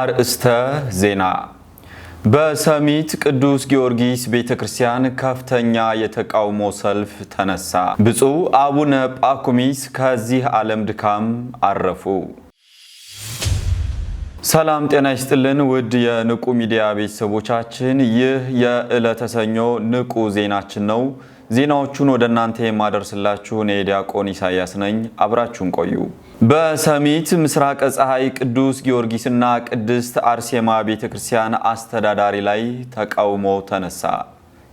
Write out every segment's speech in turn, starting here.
አርእስተ ዜና በሰሚት ቅዱስ ጊዮርጊስ ቤተ ክርስቲያን ከፍተኛ የተቃውሞ ሰልፍ ተነሳ። ብፁዕ አቡነ ጳኩሚስ ከዚህ ዓለም ድካም አረፉ። ሰላም ጤና ይስጥልን ውድ የንቁ ሚዲያ ቤተሰቦቻችን፣ ይህ የዕለተ ሰኞ ንቁ ዜናችን ነው። ዜናዎቹን ወደ እናንተ የማደርስላችሁ እኔ ዲያቆን ኢሳያስ ነኝ። አብራችሁን ቆዩ። በሰሚት ምስራቀ ፀሐይ ቅዱስ ጊዮርጊስና ቅድስት አርሴማ ቤተ ክርስቲያን አስተዳዳሪ ላይ ተቃውሞ ተነሳ።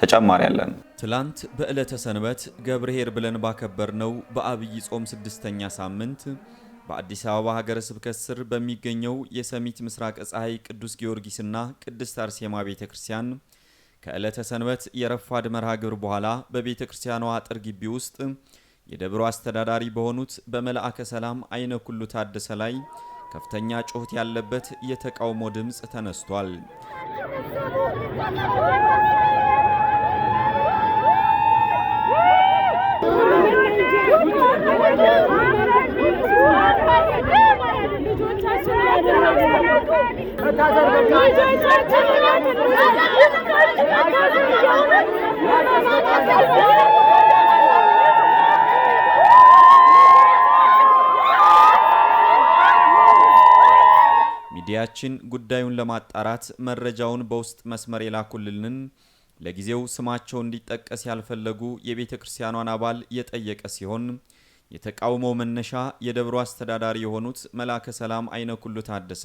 ተጨማሪ ያለን ትላንት በዕለተ ሰንበት ገብርኄር ብለን ባከበርነው በአብይ ጾም ስድስተኛ ሳምንት በአዲስ አበባ ሀገረ ስብከት ስር በሚገኘው የሰሚት ምስራቀ ፀሐይ ቅዱስ ጊዮርጊስና ቅድስት አርሴማ ቤተ ክርስቲያን ከዕለተ ሰንበት የረፋድ መርሃ ግብር በኋላ በቤተ ክርስቲያኗ አጥር ግቢ ውስጥ የደብሮ አስተዳዳሪ በሆኑት በመልአከ ሰላም አይነ ኩሉ ታደሰ ላይ ከፍተኛ ጩኸት ያለበት የተቃውሞ ድምፅ ተነስቷል። መሪያችን ጉዳዩን ለማጣራት መረጃውን በውስጥ መስመር የላኩልንን ለጊዜው ስማቸው እንዲጠቀስ ያልፈለጉ የቤተ ክርስቲያኗን አባል የጠየቀ ሲሆን የተቃውሞው መነሻ የደብሩ አስተዳዳሪ የሆኑት መላከ ሰላም አይነኩሉ ታደሰ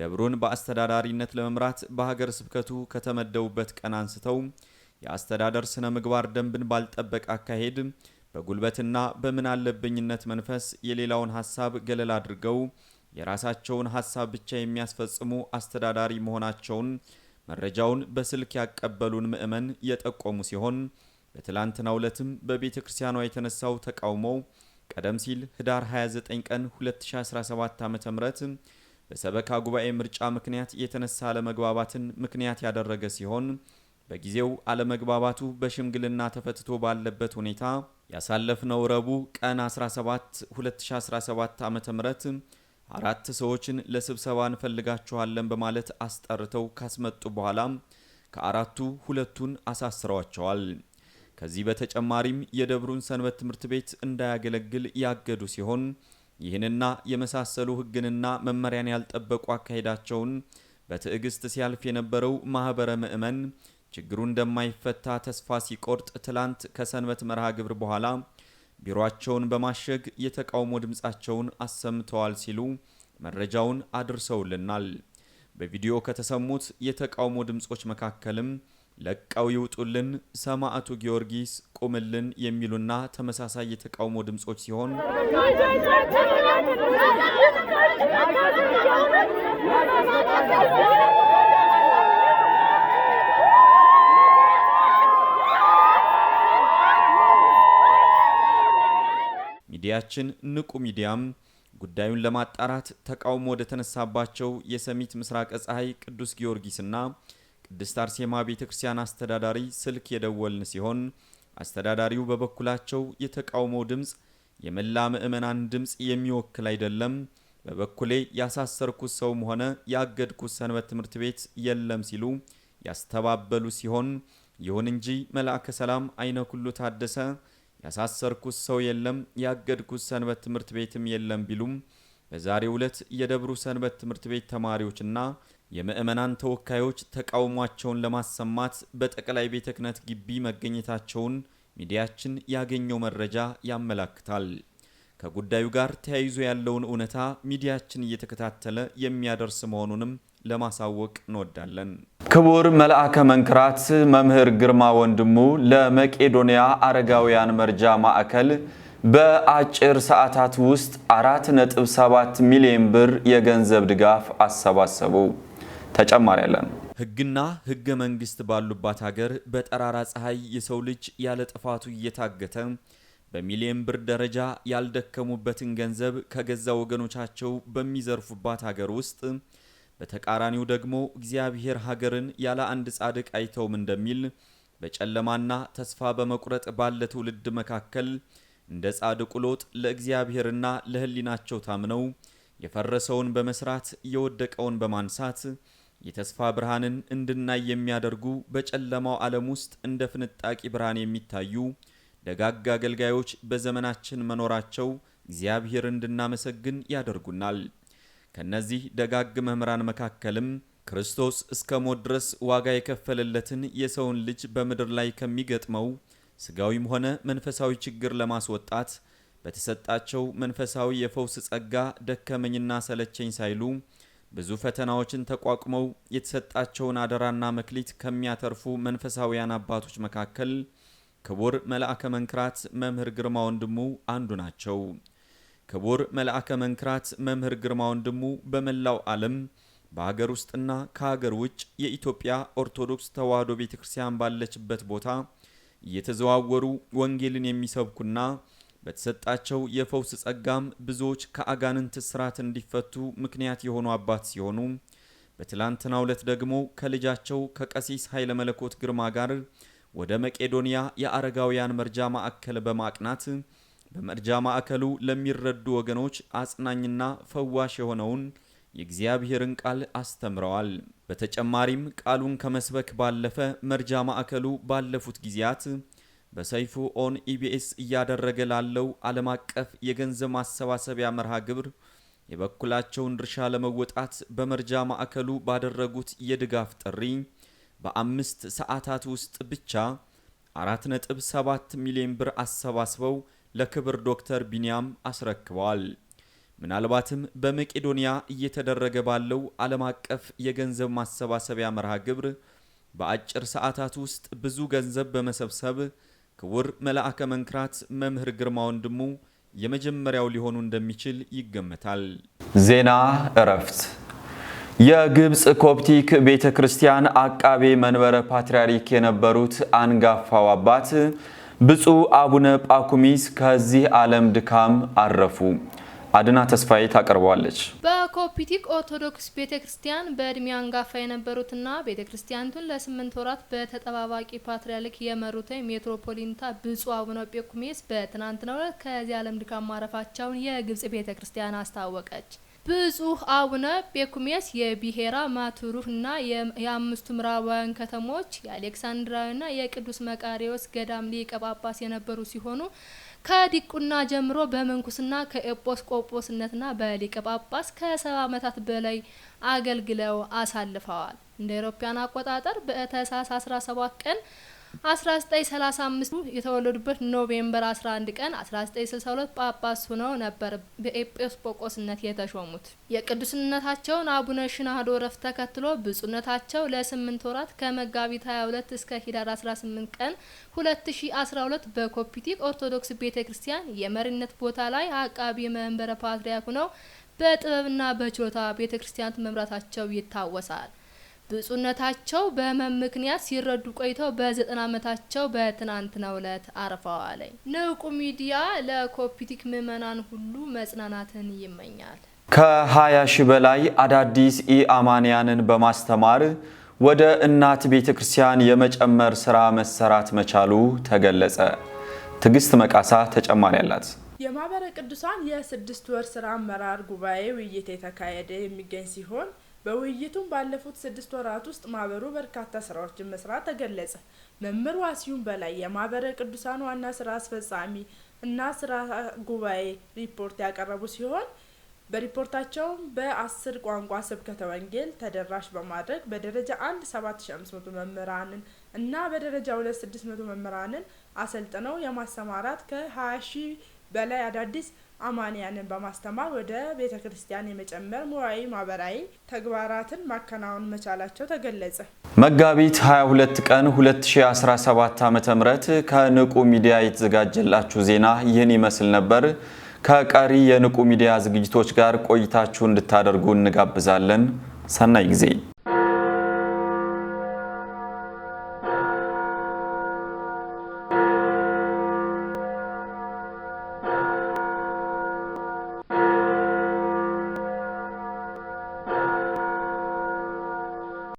ደብሩን በአስተዳዳሪነት ለመምራት በሀገር ስብከቱ ከተመደቡበት ቀን አንስተው የአስተዳደር ስነ ምግባር ደንብን ባልጠበቀ አካሄድ በጉልበትና በምን አለብኝነት መንፈስ የሌላውን ሀሳብ ገለል አድርገው የራሳቸውን ሀሳብ ብቻ የሚያስፈጽሙ አስተዳዳሪ መሆናቸውን መረጃውን በስልክ ያቀበሉን ምዕመን የጠቆሙ ሲሆን በትላንትናው ዕለትም በቤተ ክርስቲያኗ የተነሳው ተቃውሞ ቀደም ሲል ህዳር 29 ቀን 2017 ዓ ም በሰበካ ጉባኤ ምርጫ ምክንያት የተነሳ አለመግባባትን ምክንያት ያደረገ ሲሆን በጊዜው አለመግባባቱ በሽምግልና ተፈትቶ ባለበት ሁኔታ ያሳለፍነው ረቡዕ ቀን 17 2017 ዓ ም አራት ሰዎችን ለስብሰባ እንፈልጋችኋለን በማለት አስጠርተው ካስመጡ በኋላ ከአራቱ ሁለቱን አሳስረዋቸዋል። ከዚህ በተጨማሪም የደብሩን ሰንበት ትምህርት ቤት እንዳያገለግል ያገዱ ሲሆን ይህንና የመሳሰሉ ሕግንና መመሪያን ያልጠበቁ አካሄዳቸውን በትዕግስት ሲያልፍ የነበረው ማኅበረ ምዕመን ችግሩ እንደማይፈታ ተስፋ ሲቆርጥ ትላንት ከሰንበት መርሃ ግብር በኋላ ቢሮአቸውን በማሸግ የተቃውሞ ድምፃቸውን አሰምተዋል ሲሉ መረጃውን አድርሰውልናል። በቪዲዮ ከተሰሙት የተቃውሞ ድምፆች መካከልም ለቀው ይውጡልን፣ ሰማዕቱ ጊዮርጊስ ቁምልን የሚሉና ተመሳሳይ የተቃውሞ ድምፆች ሲሆን ሚዲያችን ንቁ ሚዲያም ጉዳዩን ለማጣራት ተቃውሞ ወደ ተነሳባቸው የሰሚት ምስራቀ ፀሐይ ቅዱስ ጊዮርጊስና ቅድስት አርሴማ ቤተ ክርስቲያን አስተዳዳሪ ስልክ የደወልን ሲሆን አስተዳዳሪው በበኩላቸው የተቃውሞው ድምፅ የመላ ምዕመናን ድምፅ የሚወክል አይደለም፣ በበኩሌ ያሳሰርኩት ሰውም ሆነ ያገድኩት ሰንበት ትምህርት ቤት የለም ሲሉ ያስተባበሉ ሲሆን ይሁን እንጂ መልአከ ሰላም አይነ ኩሉ ታደሰ ያሳሰርኩት ሰው የለም፣ ያገድኩት ሰንበት ትምህርት ቤትም የለም ቢሉም በዛሬው ዕለት የደብሩ ሰንበት ትምህርት ቤት ተማሪዎችና የምዕመናን ተወካዮች ተቃውሟቸውን ለማሰማት በጠቅላይ ቤተ ክህነት ግቢ መገኘታቸውን ሚዲያችን ያገኘው መረጃ ያመላክታል። ከጉዳዩ ጋር ተያይዞ ያለውን እውነታ ሚዲያችን እየተከታተለ የሚያደርስ መሆኑንም ለማሳወቅ እንወዳለን። ክቡር መልአከ መንክራት መምህር ግርማ ወንድሙ ለመቄዶንያ አረጋውያን መርጃ ማዕከል በአጭር ሰዓታት ውስጥ 4.7 ሚሊዮን ብር የገንዘብ ድጋፍ አሰባሰቡ። ተጨማሪ ያለን ህግና ህገ መንግስት ባሉባት ሀገር በጠራራ ፀሐይ የሰው ልጅ ያለ ጥፋቱ እየታገተ በሚሊዮን ብር ደረጃ ያልደከሙበትን ገንዘብ ከገዛ ወገኖቻቸው በሚዘርፉባት ሀገር ውስጥ በተቃራኒው ደግሞ እግዚአብሔር ሀገርን ያለ አንድ ጻድቅ አይተውም እንደሚል በጨለማና ተስፋ በመቁረጥ ባለ ትውልድ መካከል እንደ ጻድቁ ሎጥ ለእግዚአብሔርና ለሕሊናቸው ታምነው የፈረሰውን በመስራት የወደቀውን በማንሳት የተስፋ ብርሃንን እንድናይ የሚያደርጉ በጨለማው ዓለም ውስጥ እንደ ፍንጣቂ ብርሃን የሚታዩ ደጋግ አገልጋዮች በዘመናችን መኖራቸው እግዚአብሔር እንድናመሰግን ያደርጉናል። ከእነዚህ ደጋግ መምህራን መካከልም ክርስቶስ እስከ ሞት ድረስ ዋጋ የከፈለለትን የሰውን ልጅ በምድር ላይ ከሚገጥመው ስጋዊም ሆነ መንፈሳዊ ችግር ለማስወጣት በተሰጣቸው መንፈሳዊ የፈውስ ጸጋ ደከመኝና ሰለቸኝ ሳይሉ ብዙ ፈተናዎችን ተቋቁመው የተሰጣቸውን አደራና መክሊት ከሚያተርፉ መንፈሳዊያን አባቶች መካከል ክቡር መልአከ መንክራት መምህር ግርማ ወንድሙ አንዱ ናቸው። ክቡር መልአከ መንክራት መምህር ግርማ ወንድሙ በመላው ዓለም በሀገር ውስጥና ከሀገር ውጭ የኢትዮጵያ ኦርቶዶክስ ተዋሕዶ ቤተ ክርስቲያን ባለችበት ቦታ እየተዘዋወሩ ወንጌልን የሚሰብኩና በተሰጣቸው የፈውስ ጸጋም ብዙዎች ከአጋንንት እስራት እንዲፈቱ ምክንያት የሆኑ አባት ሲሆኑ በትላንትናው ዕለት ደግሞ ከልጃቸው ከቀሲስ ኃይለ መለኮት ግርማ ጋር ወደ መቄዶንያ የአረጋውያን መርጃ ማዕከል በማቅናት በመርጃ ማዕከሉ ለሚረዱ ወገኖች አጽናኝና ፈዋሽ የሆነውን የእግዚአብሔርን ቃል አስተምረዋል። በተጨማሪም ቃሉን ከመስበክ ባለፈ መርጃ ማዕከሉ ባለፉት ጊዜያት በሰይፉ ኦን ኢቢኤስ እያደረገ ላለው ዓለም አቀፍ የገንዘብ ማሰባሰቢያ መርሃ ግብር የበኩላቸውን ድርሻ ለመወጣት በመርጃ ማዕከሉ ባደረጉት የድጋፍ ጥሪ በአምስት ሰዓታት ውስጥ ብቻ 4.7 ሚሊዮን ብር አሰባስበው ለክብር ዶክተር ቢንያም አስረክበዋል። ምናልባትም በመቄዶንያ እየተደረገ ባለው ዓለም አቀፍ የገንዘብ ማሰባሰቢያ መርሃ ግብር በአጭር ሰዓታት ውስጥ ብዙ ገንዘብ በመሰብሰብ ክቡር መልአከ መንክራት መምህር ግርማ ወንድሙ የመጀመሪያው ሊሆኑ እንደሚችል ይገመታል። ዜና እረፍት የግብፅ ኮፕቲክ ቤተ ክርስቲያን አቃቤ መንበረ ፓትርያርክ የነበሩት አንጋፋው አባት ብፁዕ አቡነ ጳኩሚስ ከዚህ ዓለም ድካም አረፉ። አድና ተስፋዬ ታቀርበዋለች። በኮፒቲክ ኦርቶዶክስ ቤተ ክርስቲያን በእድሜ አንጋፋ የነበሩትና ቤተ ክርስቲያኒቱን ለስምንት ወራት በተጠባባቂ ፓትርያርክ የመሩት ሜትሮፖሊታ ብፁዕ አቡነ ጴቁሜስ በትናንትናው ዕለት ከዚህ ዓለም ድካም ማረፋቸውን የግብጽ ቤተ ክርስቲያን አስታወቀች። ብጹህ አቡነ ጴኩሜስ የቢሄራ ና የአምስቱ ምዕራባውያን ከተሞች የአሌክሳንድራዊና የቅዱስ መቃሪዎስ ገዳም ሊቀ ጳጳስ የነበሩ ሲሆኑ ከዲቁና ጀምሮ በምንኩስና ና በሊቀ ጳጳስ ከሰባ ዓመታት በላይ አገልግለው አሳልፈዋል። እንደ አውሮፓውያን አቆጣጠር አስራ 17 ቀን 1935 የተወለዱበት ኖቬምበር 11 ቀን 1962 ጳጳስ ሆነው ነበር በኤጲስቆጶስነት የተሾሙት። የቅዱስነታቸውን አቡነ ሽናዶ ረፍ ተከትሎ ብፁዕነታቸው ለስምንት ወራት ከመጋቢት 22 እስከ ሂዳር 18 ቀን 2012 በኮፒቲክ ኦርቶዶክስ ቤተ ክርስቲያን የመሪነት ቦታ ላይ አቃቢ መንበረ ፓትርያርክ ሆነው በጥበብና በችሎታ ቤተ ክርስቲያን መምራታቸው ይታወሳል። ብፁዕነታቸው በህመም ምክንያት ሲረዱ ቆይተው በዘጠና ዓመታቸው በትናንትናው ዕለት አርፈዋል። ንቁ ሚዲያ ለኮፕቲክ ምዕመናን ሁሉ መጽናናትን ይመኛል። ከ20 ሺህ በላይ አዳዲስ ኢአማንያንን በማስተማር ወደ እናት ቤተ ክርስቲያን የመጨመር ሥራ መሰራት መቻሉ ተገለጸ። ትዕግስት መቃሳ ተጨማሪ አላት። የማህበረ ቅዱሳን የስድስት ወር ሥራ አመራር ጉባኤ ውይይት የተካሄደ የሚገኝ ሲሆን በውይይቱም ባለፉት ስድስት ወራት ውስጥ ማህበሩ በርካታ ስራዎችን መስራት ተገለጸ። መምህር ዋሲሁን በላይ የማህበረ ቅዱሳን ዋና ስራ አስፈጻሚ እና ስራ ጉባኤ ሪፖርት ያቀረቡ ሲሆን በሪፖርታቸውም በአስር ቋንቋ ስብከተ ወንጌል ተደራሽ በማድረግ በደረጃ አንድ መቶ መምህራንን እና በደረጃ ሁለት መቶ መምህራንን አሰልጥነው የማሰማራት ከሀያ ሺህ በላይ አዳዲስ አማንያንን በማስተማር ወደ ቤተ ክርስቲያን የመጨመር ሙያዊ ማህበራዊ ተግባራትን ማከናወን መቻላቸው ተገለጸ። መጋቢት 22 ቀን 2017 ዓ ም ከንቁ ሚዲያ የተዘጋጀላችሁ ዜና ይህን ይመስል ነበር። ከቀሪ የንቁ ሚዲያ ዝግጅቶች ጋር ቆይታችሁ እንድታደርጉ እንጋብዛለን። ሰናይ ጊዜ